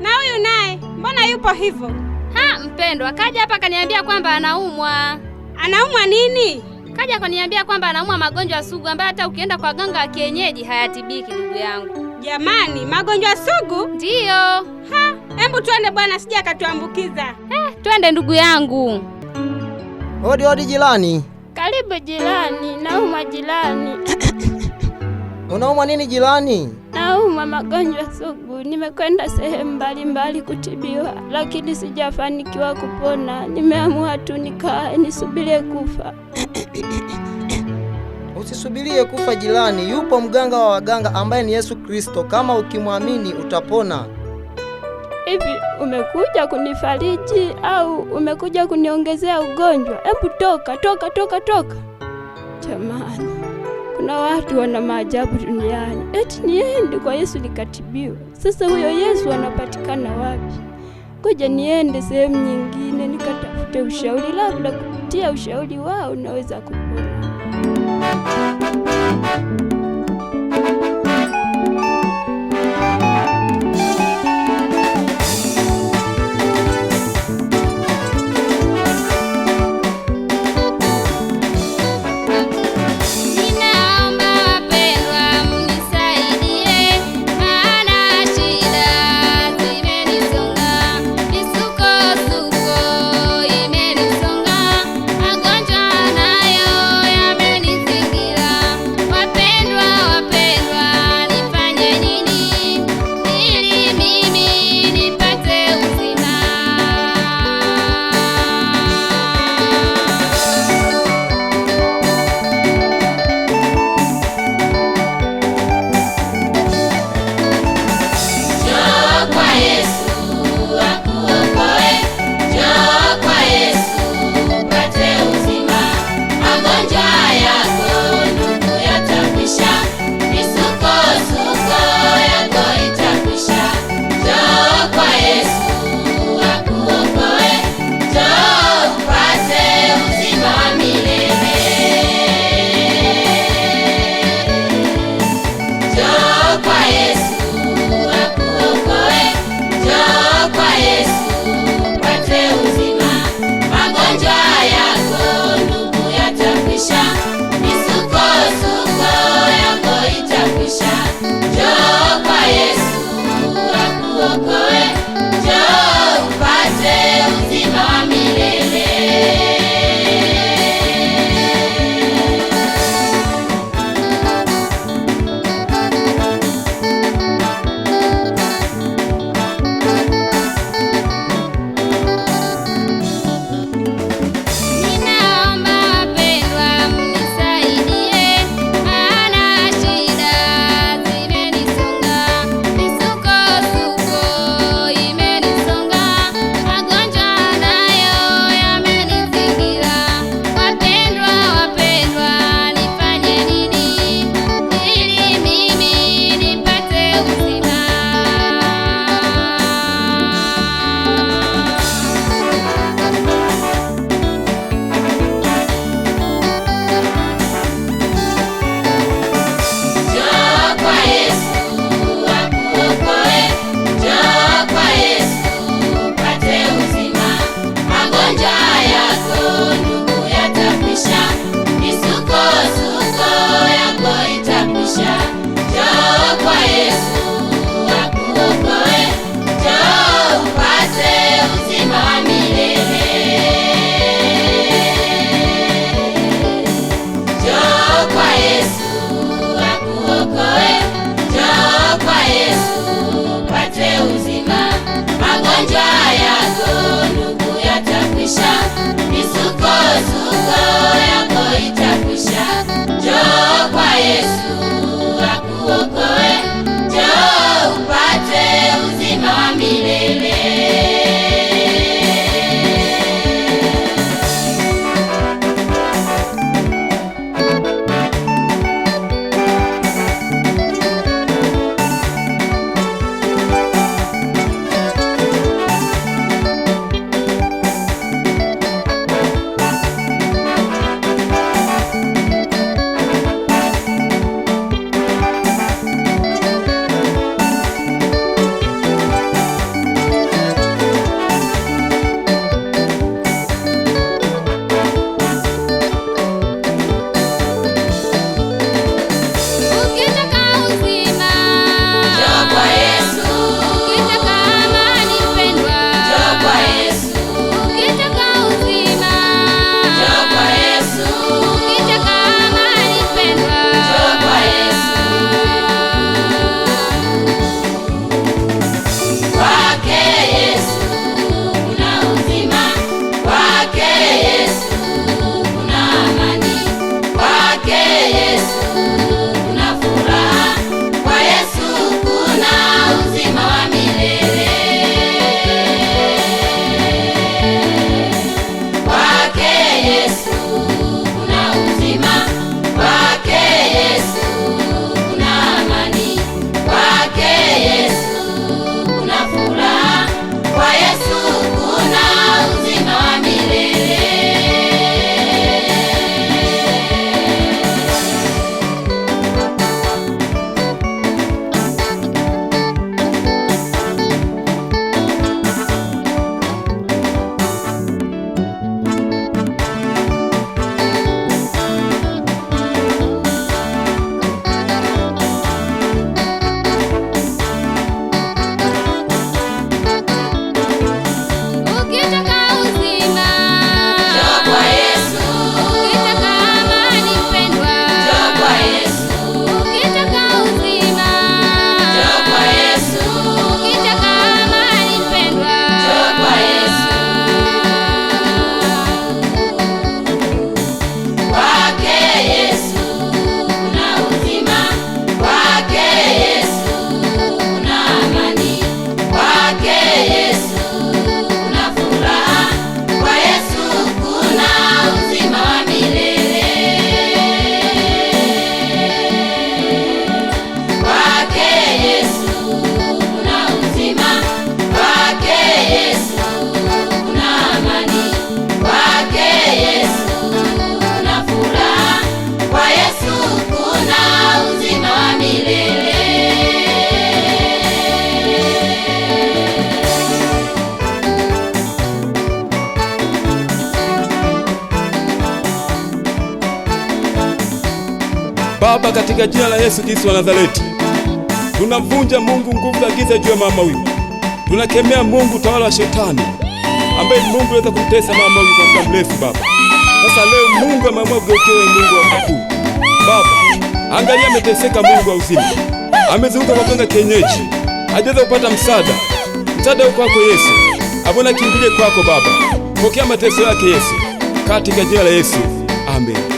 Na huyu naye mbona yupo hivyo? Ha, mpendwa kaja hapa kaniambia kwamba anaumwa. Anaumwa nini? Kaja kaniambia kwamba anaumwa magonjwa sugu ambayo hata ukienda kwa ganga wa kienyeji hayatibiki. Ndugu yangu, jamani, magonjwa sugu ndiyo? Ha, hebu twende bwana, sija akatuambukiza. Twende ndugu yangu. Hodi hodi, jirani. Karibu jirani, naumwa jirani. Unaumwa nini jirani? naumwa magonjwa sugu, nimekwenda sehemu mbalimbali kutibiwa, lakini sijafanikiwa kupona. Nimeamua tu nikae nisubirie kufa. Usisubirie kufa jirani, yupo mganga wa waganga ambaye ni Yesu Kristo. Kama ukimwamini utapona. Hivi umekuja kunifariji au umekuja kuniongezea ugonjwa? Hebu toka toka toka toka, jamani! Kuna watu wana maajabu duniani, eti niende kwa Yesu nikatibiwe. Sasa huyo Yesu anapatikana wapi? Ngoja niende sehemu nyingine nikatafute ushauri, labda kupitia ushauri wao naweza kupona. Yeah. Baba, katika jina la Yesu Kristo wa Nazareti, tunavunja Mungu nguvu za giza juu ya mama huyu. Tunakemea Mungu tawala wa shetani ambaye Mungu aliweza kumtesa mama huyu kwa muda mrefu Baba. Sasa leo Mungu ameamua kugeukewe Mungu wa makuu Baba, angalia ameteseka, Mungu wa uzima, amezunguka kwa kwenda kienyeji, hajaweza kupata msaada. Msaada uko kwako Yesu, abona kimbilie kwako Baba. Pokea mateso yake Yesu, katika jina la Yesu, amen.